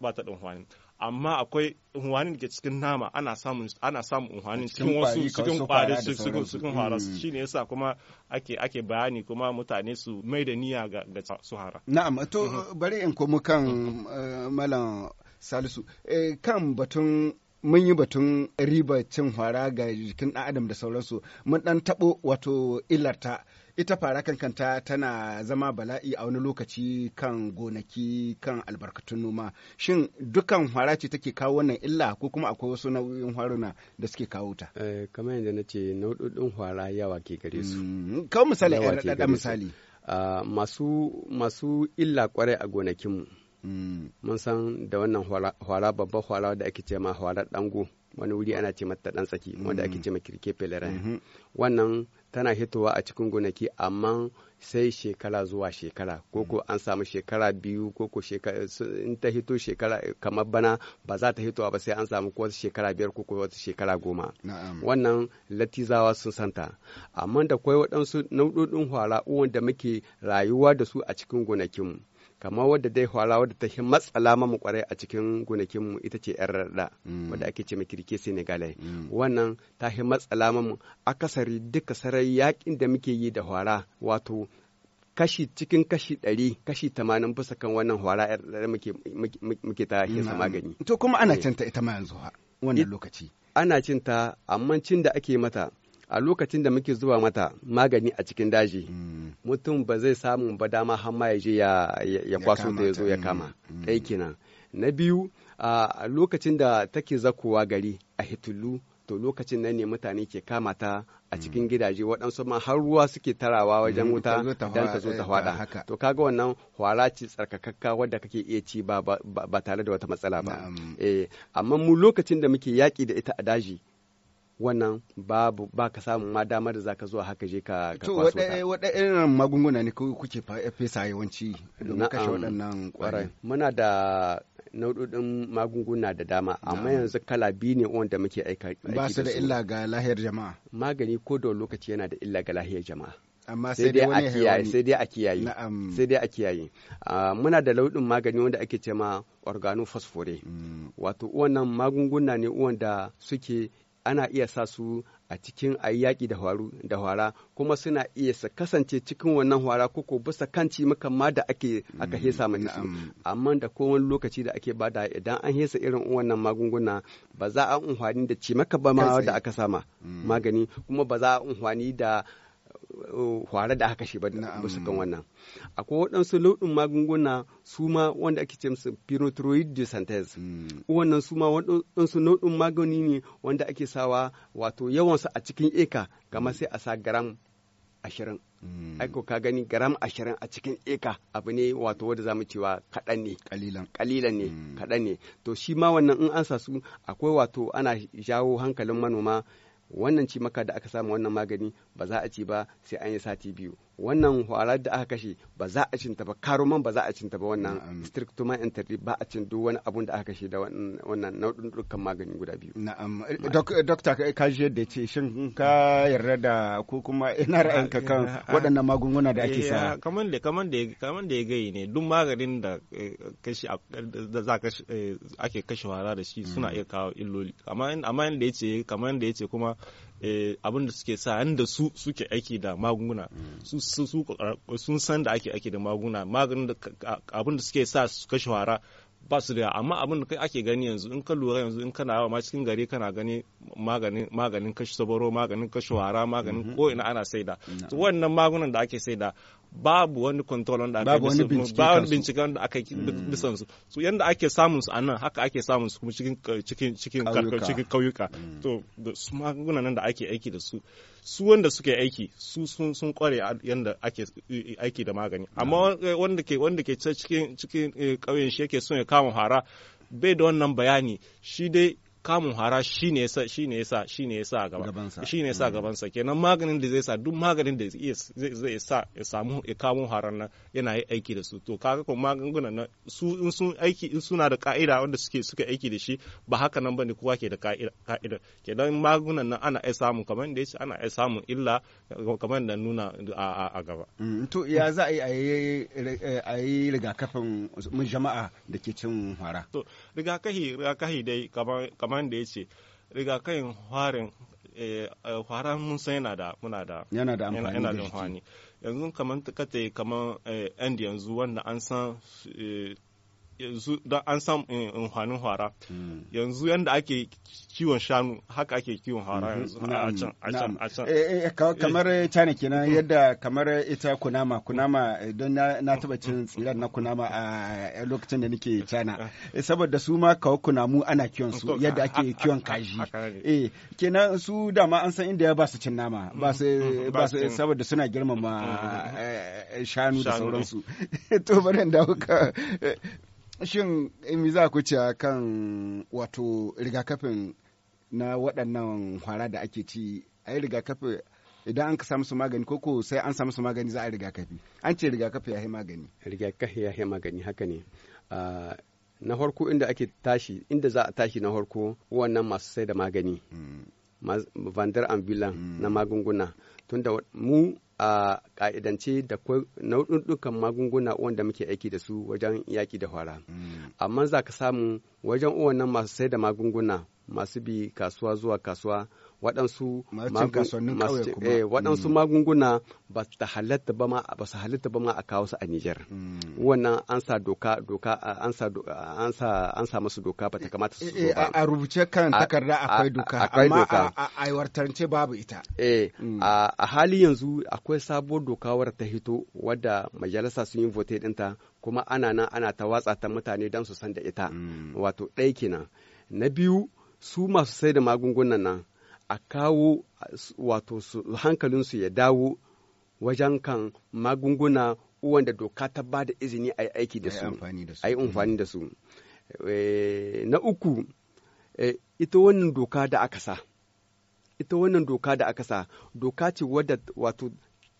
Speaker 1: ba ta da unhwani amma akwai unhwani da ke cikin nama ana samun ana samun unhwanin cikin wasu cikin kwari cikin hmm. shi ne yasa kuma ake ake bayani kuma mutane su mai da niyya ga su hara
Speaker 2: na'am to mhm. bari in komo kan mhm. eh, malam salisu eh, kan batun mun yi batun riba cin hwara ga jikin ɗan adam da sauransu mun ɗan taɓo wato illarta ita fara kankanta tana zama bala'i a wani lokaci kan gonaki kan albarkatun noma shin dukkan hwara ce take kawo wannan
Speaker 4: illa ko kuma akwai wasu nau'in hwaruna da suke kawo ta eh, kamar yadda na ce nau'o'in hwara yawa ke gare su mm-hmm. kawo misali eh, ɗan misali ah, masu illa kwarai a gonakinmu mun san da wannan hwara babban hwara da ake ce ma hwarar dango wani wuri ana ce mata dan tsaki wanda ake ce ma kirke pelere mm-hmm. wannan tana hitowa a cikin gonaki amma sai shekara zuwa shekara ko ko an samu shekara biyu ko shekara in ta hito shekara kamar bana ba za ta hitowa ba sai an samu ko shekara biyar ko wata shekara goma wannan latizawa sun santa amma da kwai waɗansu nau'o'in hwara uwan da muke rayuwa da su a cikin gonakinmu kamar wadda dai hwara wadda ta matsala mu kwarai a cikin gonakinmu ita ce yar rada mm. wadda ake ce kirke senegalai mm. wannan ta matsala mu akasari duka sarai yakin da muke yi da hwara wato kashi cikin kashi ɗari kashi tamanin bisa kan wannan hwara yar rada muke ta hesa magani
Speaker 2: to kuma ana eh. cinta ita ma yanzu
Speaker 4: wannan lokaci ana cinta amma cin da ake mata a lokacin da muke zuba mata magani a cikin daji mm. mutum ba zai samu ba dama har ma ya je ya kwaso ta ya zo ya mm. kama mm. ɗaya kenan na biyu a lokacin da take zakowa gari a hitullu to lokacin nan ne mutane ke kama ta a cikin gidaje waɗansu ma har ruwa suke tarawa wajen wuta don ta zo ta eh, hwada to kaga wannan hwara ce tsarkakakka wadda kake iya ci ba tare da wata matsala ba eh, amma mu lokacin da muke yaƙi da ita a daji wannan babu ba ka samu ma dama da zaka zuwa haka je ka kwaso ta.
Speaker 2: Wada irin magunguna ne kuke eh, fesa yawanci don kashe
Speaker 4: waɗannan ƙwarai. Muna da nau'o'in magunguna da dama amma yanzu kala biyu ne wanda muke aika ba su da illa
Speaker 2: ga lahiyar jama'a
Speaker 4: magani ko da lokaci yana da illa ga lahiyar jama'a
Speaker 2: amma sai dai a kiyaye sai
Speaker 4: dai a kiyaye sai dai a kiyaye ah, muna da lauɗin magani wanda ake ce ma organophosphore mm. wato wannan magunguna ne wanda suke ana iya sa su a cikin a yaƙi da hwara kuma suna iya sa kasance cikin wannan hwara ko bisa kan cimakan ma da ake aka mm, hesa mai su amma da kowan lokaci da ake bada idan an hesa irin wannan magunguna ba za a unhwani da cimaka ba ma da aka sama mm. magani kuma ba za a unhwani da hware da aka shi ba bisa kan wannan akwai waɗansu nau'in magunguna su ma wanda ake ce musu pyrethroid descentase hmm. wannan su ma waɗansu nau'in magani ne wanda ake sawa wato yawansu a cikin eka kama sai a sa garam ashirin hmm. aiko ka gani garam ashirin a cikin eka abu ne wato wanda zamu cewa kaɗan ne kalilan kalilan ne hmm. kaɗan ne to shi ma wannan in an sa su akwai wato ana jawo hankalin manoma wannan cimaka da aka samu wannan magani ba za a ci ba sai an yi sati biyu wannan hwarar da aka kashe ba za a cinta ba karuman ba za a cinta ba wannan strictuma interdi ba a cin duk wani abun da aka kashe da wannan nau'in dukkan magani guda biyu na'am
Speaker 2: kai ka je da ce shin ka yarda da ko kuma ina ra'ayinka kan waɗannan magunguna da ake sa
Speaker 1: kaman da kaman da kaman da ya gai ne duk maganin da eh, kashi da za ka eh, ake kashe hwara da shi suna mm. iya kawo illoli amma amma inda yace kaman da yace kuma Eh, abin da suke sa da su suke aiki da magunguna sun san da ake aiki da magunguna maganin abin da suke sa su kashe wara ba su da amma abin da ake gani yanzu in ka lura yanzu in kana yawa ma cikin gari kana gani maganin maganin kashe saboro maganin kashe wara maganin mhm. ko ina ana saida to wannan magunan da ake saida babu wani control wanda aka babu wani bincike wanda aka mm. bisan su so yanda ake samun su anan haka ake samun su kuma cikin eh, cikin cikin cikin kauyuka mm. to su nan da ake aiki da su su wanda suke aiki su sun sun kware yanda ake aiki da magani amma mm. wanda ke wanda ke cikin cikin kauyen eh, shi yake son ya kama hara bai da wannan bayani shi dai kamun hara shine yasa shine yasa shine yasa gaba shine yasa mm. gabansa kenan maganin da zai sa duk maganin da zai sa ya samu ya kamo haran nan yana yi aiki da su to kaga ko magungunan nan su in sun aiki in suna da ka'ida wanda suke suka aiki da shi ba haka nan bane kowa ke da ka'ida kenan magungunan nan ana ai samu kamar da yace ana ai samu illa kamar da nuna a gaba mm,
Speaker 2: to ya za a yi a yi rigakafin jama'a da ke cin hara
Speaker 1: to rigakafi rigakafi dai kamar kamar da ya ce rigakafin harin eh, eh, fara mun san yana da muna da yana da amfani yana da amfani yanzu kamar ka ta kamar eh, end yanzu wanda an san yanzu don an san eh, amfanin hwara hmm. yanzu yadda ake kiwon shanu haka ake kiwon hwara hmm. yanzu a can a can
Speaker 2: eh, eh, kamar china kenan hmm. yadda kamar ita kunama kunama don na taba cin tsiran na kunama a lokacin da nake china saboda su ma kawo kunamu ana kiwon su yadda ake kiwon kaji eh kenan su dama an san inda ba su cin nama ba su ba su saboda suna girmama shanu da sauransu to bari dawo ka shin eh, me za ku ce kan wato rigakafin na waɗannan hwara da ake ci a yi rigakafi idan an ka samu su magani koko sai an samu su magani za a rigakafi an ce rigakafi ya magani
Speaker 4: rigakafi ya magani haka ne ah, na farko inda ake tashi inda za a tashi na farko wannan masu sai da magani hmm. vandar ambulan hmm. na magunguna tunda mu a ka'idance da nau'ukan magunguna wanda muke aiki da su wajen yaƙi da hwara mm. amma za ka samu wajen nan masu sai da magunguna masu bi kasuwa zuwa kasuwa waɗansu eh, waɗansu mm. magunguna ba ta halatta ba ma ba su halatta ba ma a kawo su a Nijar mm. wannan an sa doka doka an sa an sa an sa musu doka ba ta kamata su eh, eh, ba a
Speaker 2: rubuce kan takarda akwai doka amma a aiwartance babu ita
Speaker 4: eh mm. a hali yanzu akwai sabuwar doka wadda ta hito wadda majalisa sun yi vote dinta kuma ana nan ana ta watsa ta mutane dan su san da ita wato ɗaya kenan na biyu su masu sai da magungunan nan a kawo wato hankalinsu ya dawo wajen kan magunguna wanda doka ta ba da izini a yi aiki da su a yi amfani mm-hmm. da su eh, na uku eh, ita wannan doka da aka sa ita wannan doka da aka sa doka ce wadda wato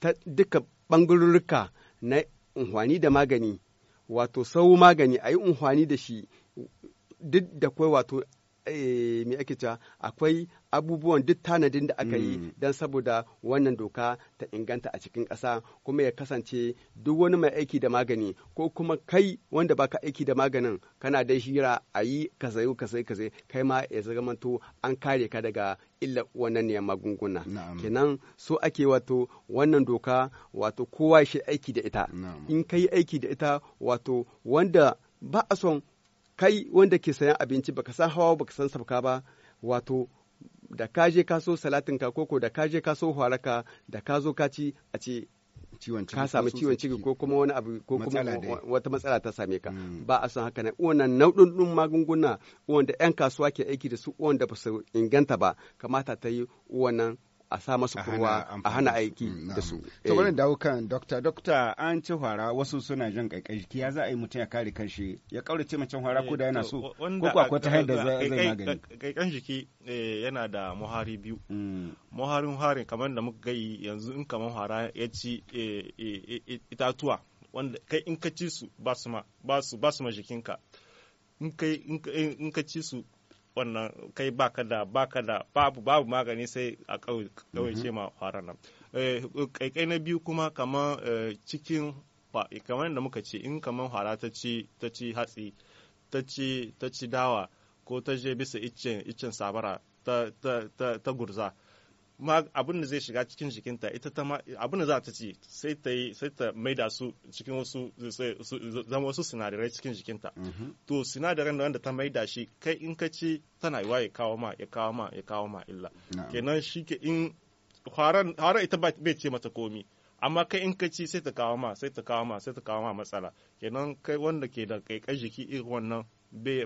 Speaker 4: ta duka ɓangarurruka na amfani da magani wato sau magani a yi amfani da shi duk da kwai wato Eh, me ake cewa akwai abubuwan duk tanadin da aka yi mm. don saboda wannan doka ta inganta a cikin ƙasa kuma ya kasance duk wani mai aiki da magani ko kuma kai wanda baka aiki da maganin kana da shira a yi ka sayi ka sayi ka kai ma ya zamanto an kare ka daga illa wannan ne magunguna kenan so ake wato wannan doka wato kowa shi aiki da ita in ka aiki da ita wato wanda ba a son kai wanda ke sayan abinci baka san hawa baka san sabka ba wato da ka je ka so salatin ka koko da ka je ka so haraka da ka zo ka ci a ce ka samu ciwon ciki ko kuma wani abu ko kuma wata matsala ta same ka hmm. ba a son haka nan wannan nau'in magunguna wanda yan kasuwa ke aiki da su wanda ba su inganta ba kamata ta yi wannan a sa masu kurwa a hana aiki da su to wani eh. dawo
Speaker 2: kan dokta dokta an ci hwara wasu suna jan kaikai jiki ya za a yi mutum ya kare kanshi
Speaker 1: ya ce macen hwara ko da yana eh, so ko ko ta hanyar da zai magani kaikan jiki eh, yana da muhari biyu mm. muharin harin kamar da muka gai yanzu in kamar hwara ya ci itatuwa wanda kai in ka ci su ba su ma jikinka in ka ci su wannan kai baka da baka da babu babu magani sai a ce ma fara nan eh, kaikai na biyu kuma kamar eh, cikin kamar da muka ce in kamar fara ta ci ta ci hatsi ta ci ta ci dawa ko ta je bisa iccen iccen sabara ta ta, ta gurza ma abin da zai shiga cikin jikinta ita ta ma abin da za ta ci sai ta yi sai ta maida su cikin wasu zama wasu sinadarai cikin jikinta mm-hmm. to sinadarai wanda ta maida shi kai in ka ci tana yiwa ya kawo ma ya kawo ma ya kawo ma illa kenan shi ke in haran ita bai ce mata komi amma kai in ka ci sai ta kawo ma sai ta kawo ma sai ta kawo ma matsala kenan kai wanda ke da kai jiki irin wannan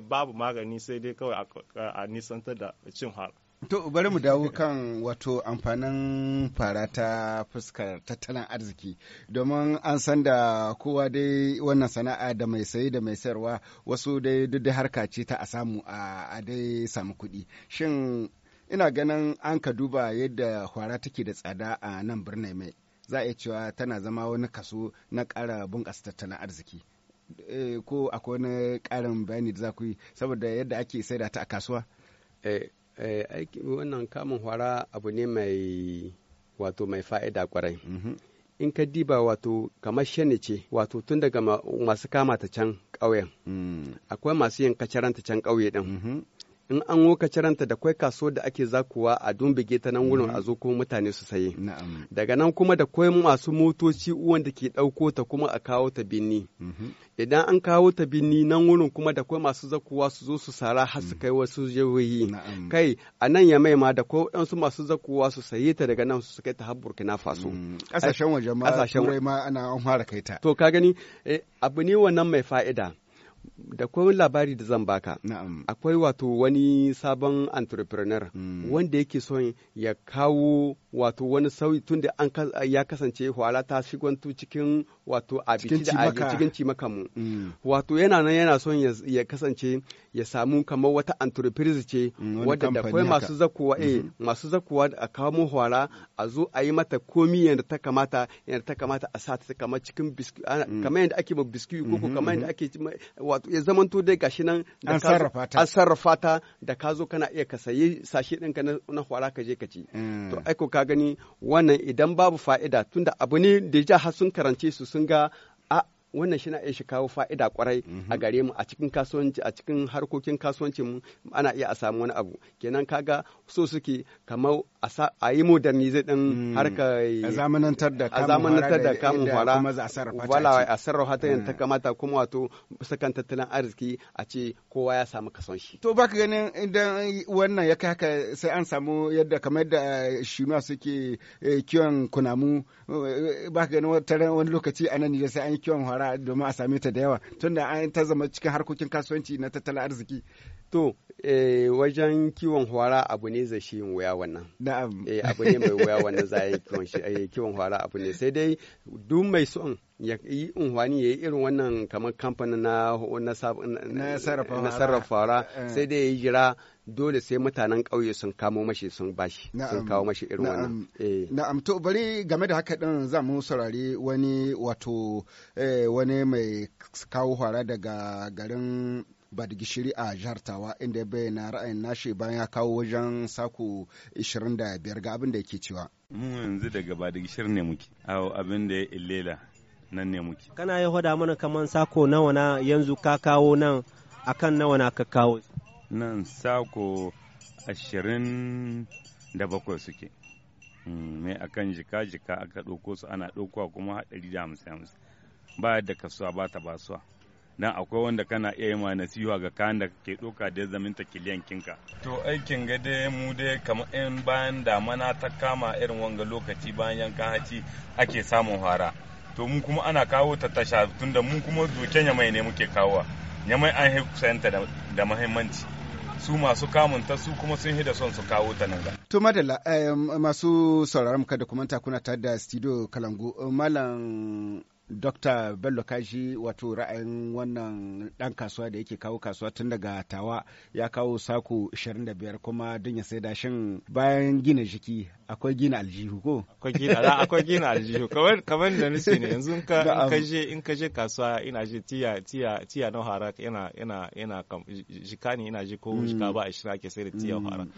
Speaker 1: babu magani sai dai kawai a nisantar da cin har.
Speaker 2: To bari mu dawo kan wato amfanin fara ta fuskar tattalin arziki domin an san da kowa dai wannan sana'a da mai sayi da mai sayarwa wasu dai duk da harka ce ta a samu a dai samu kuɗi. Shin ina ganin an ka duba yadda kwara take da tsada a nan birnin mai za a cewa tana zama wani kaso na ƙara bunƙasa tattalin arziki. Eh, ko akwai wani ƙarin bayani da za ku yi saboda yadda ake saida ta a kasuwa?
Speaker 4: Eh, Eh, aiki wannan kamun hwara abu ne mai wato mai fa'ida kwarai mhm. in ka diba wato kamar shani ce wato tun daga masu kama ta can ƙauyen mm. akwai masu yin kacaranta can ƙauye din mhm. in an woka ciranta da kwai kaso da ake zakuwa a dumbige ta nan wurin mhm. a zo kuma mutane su saye daga nan kuma da kwai masu motoci uwan da ke ɗauko ta kuma a kawo ta binni mhm. idan an kawo ta binni nan wurin kuma da kwai masu zakuwa su zo su sara har su mhm. kai wasu jihohi kai a nan ya mai ma da kwai waɗansu masu zakuwa su saye ta daga nan su kai ta har burkina faso mm. ƙasashen waje ma ana an fara kai ta to ka gani eh, abu ne wannan mai fa'ida da kwai labari da zan baka akwai wato wani sabon entrepreneur hmm. wanda yake son ya kawo wato wani sauyi tun da an ya kasance hwara ta shigantu cikin wato abinci da abinci cikin cimaka mu mm. wato yana nan yana son ya kasance ya samu kamar wata entreprise ce mm, wadda da kai masu zakuwa eh mm-hmm. masu zakuwa a kamo hwara a zo a yi mata komi yadda ta kamata yadda ta kamata a sa ta kamar cikin biskuit mm. kamar yadda ake ma biskuit ko mm-hmm, kamar yadda mm-hmm. ake wato ya to dai gashi nan an sarrafa ta da ka zo kana iya ka sayi sashi dinka na hwara ka je ka ci to aiko ka gani wannan idan babu fa'ida tunda abu ne da ja har sun karance su sun ga a wannan shi na iya shi kawo fa'ida kwarai a mhm. gare mu a cikin kasuwanci a cikin harkokin kasuwanci mu ana iya a samu wani abu kenan kaga so suke kamar a yi modernize din hmm. harka a
Speaker 2: zamanantar da kamun fara
Speaker 4: wala a sarrafa ta yanta hmm. kamata kuma wato sakan tattalin arziki a ce kowa ya samu kason shi to baka ganin idan
Speaker 2: wannan ya kai haka sai an samu yadda kamar da eh, shinuwa suke eh, kiwon kunamu eh, baka ganin wata wani lokaci a nan sai an yi kiwon fara domin a same ta da yawa tunda an ta zama cikin harkokin kasuwanci na tattalin arziki To,
Speaker 4: eh, wajen kiwon hwara abu ne zai yin wuya wannan. Na'am. Eh, abu ne mai wuya wannan za a yi kiwon hwara abu ne. Sai dai duk mai son ya yi unhwani ya yi irin wannan kamar kamfanin na sarrafa hwara eh. sai dai ya jira dole sai mutanen ƙauye sun kamo mashi sun bashi sun kawo mashi irin wannan eh.
Speaker 2: na'am to bari game da haka din za mu saurari wani wato eh, wani mai kawo hwara daga garin ba da gishiri a jihar tawa inda ya bayyana ra'ayin nashi bayan ya kawo wajen sako 25 ga abin da yake cewa
Speaker 1: mu yanzu daga ba da gishiri ne muke awo abin da ya illela nan ne muke
Speaker 2: kana ya hada mana kaman sako nawa na yanzu ka kawo nan akan nawa na ka kawo
Speaker 1: nan sako 27 suke mai hmm, akan jika jika aka ɗauko su ana ɗaukowa kuma haɗari da hamsin hamsin ba da kasuwa ba ta basuwa dan akwai wanda kana iya yi ma nasiha ga kayan da kake doka da zaminta kiliyan kinka to aikin ga dai mu dai kamar in bayan damana ta kama irin wanga lokaci bayan yankan haci ake samun hara to mu kuma ana kawo ta tasha tunda mu kuma doken yamai ne muke kawowa yamai an hi kusanta da muhimmanci su masu kamun ta su kuma sun hida son su kawo ta nan
Speaker 2: to madalla eh, masu sauraron kada kuma kuna ta da studio kalangu malam Dr. Bello Kashi wato ra'ayin wannan ɗan kasuwa da yake kawo kasuwa tun daga tawa ya kawo saku 25 kuma don ya sai dashin bayan gina jiki akwai gina aljihu ko? Akwai gina aljihu
Speaker 1: kamar da nufi ne yanzu in ka je kasuwa ina ji tiya tiya tiya na hara yana yana yana jika ne ina ji ko jika ba a shirya ke sai da tiya hara. Mm.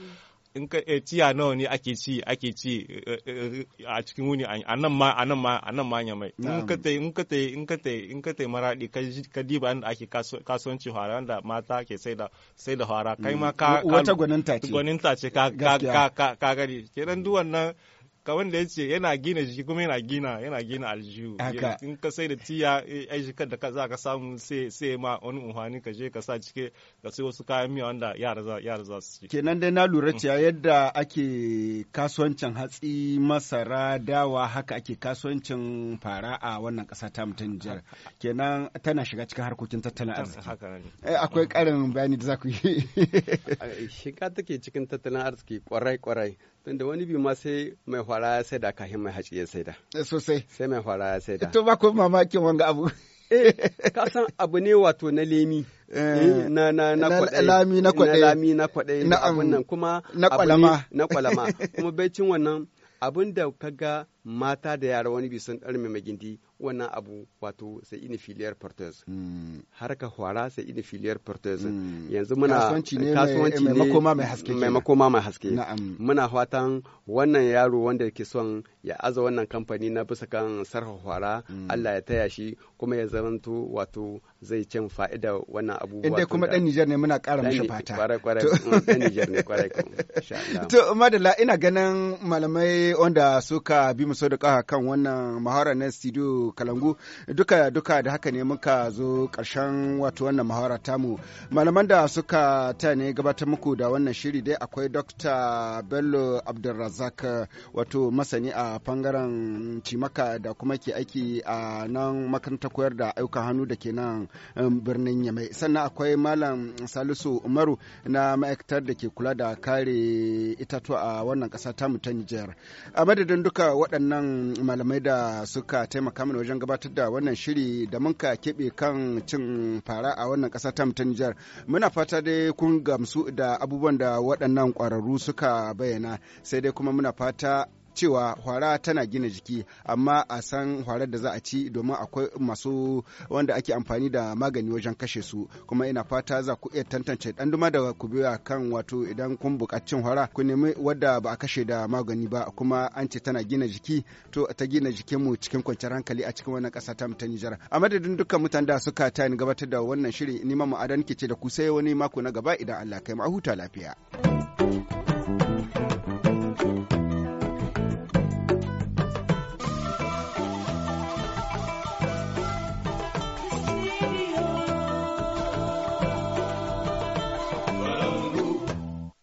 Speaker 1: in ka e, tiya nawa ne ake ci ake ci eh, eh, a cikin wuni a nan ma a nan ma a nan ma ya mai in ka tai in ka tai in ka tai in ka tai maradi ka ka diba inda ake kasuwanci hara wanda mata ke sai da sai da hara kai ma mm. ka wata
Speaker 2: gwaninta ce gwaninta
Speaker 1: ce ka ka ka ka gari kenan duk wannan ka wanda ya ce yana gina jiki kuma yana gina yana gina aljihu in ka sai da tiya eh, ai kan da ka za ka samu sai sai ma wani unhani ka je ka sa cike ka sai wasu kayan miya wanda yara za yara za su ci
Speaker 2: kenan dai na lura cewa mm. yadda ake kasuwancin hatsi masara dawa haka ake kasuwancin fara a wannan kasa ta mutum jihar kenan tana shiga cikin harkokin tattalin arziki eh, akwai karin bayani da za ku yi
Speaker 4: shiga take cikin tattalin arziki kwarai kwarai don da wani bi ma sai mai fara ya saida kafin mai haƙi ya saida. Eh, sosai. Sai mai fara ya saida. Ito ba ku mamakin wanga abu. Eh, ka san abu ne wato na lemi. Eh. Eh, na na na kwaɗe. lami na kwaɗe. Na lami na kwaɗe. Na abun nan kuma. Na kwalama. Na kwalama. Kuma cin wannan abun da ka ga mata da yara wani bi sun ɗarme magindi wannan abu wato sai ini filiyar portes hmm. ka hwara sai ini filiyar portes hmm. yanzu muna kasuwanci ne mai makoma mai haske muna fatan wannan yaro wanda ke son ya aza wannan kamfani na bisa kan sarfa hwara hmm. Allah ya taya shi kuma ya zamanto wato zai cin fa'ida wannan abubuwa inda kuma dan
Speaker 2: Nijar ne muna ƙara mishi fata kwarai
Speaker 4: kwarai dan mm, Nijar ne kwarai
Speaker 2: to madalla ina ganin malamai wanda suka bi mu so da kan wannan mahara na studio kalangu duka duka da haka ne muka zo karshen wato wannan muhawara tamu malaman da suka ta ne gabatar muku da wannan shiri dai akwai dr bello abdulrazak wato masani a bangaren cimaka da kuma ke aiki a nan makaranta koyar da ayyukan hannu da ke nan um, birnin yamai sannan akwai malam salisu umaru na ma'aikatar da ke kula da kare itatuwa a wannan kasa tamu ta nijar a madadin duka waɗannan malamai da suka taimaka mana wajen gabatar da wannan shiri da muka keɓe kan cin fara a wannan ƙasa ta Nijar. Muna fata dai kun gamsu da abubuwan da waɗannan ƙwararru suka bayyana sai dai kuma muna fata cewa hwara tana gina jiki amma a san hwarar da za a ci domin akwai masu wanda ake amfani da magani wajen kashe su kuma ina fata za ku iya tantance dan duma da ku biya kan wato idan kun cin hwara ku nemi wadda ba a kashe da magani ba kuma an ce tana gina jiki to ta gina jikinmu cikin kwanciyar hankali a cikin wannan ƙasa ta mu ta Nijar a madadin dukkan mutanen da suka ta gabatar da wannan shirin ni ma adan ke ce da ku sai wani mako na gaba idan Allah kai mu a huta lafiya.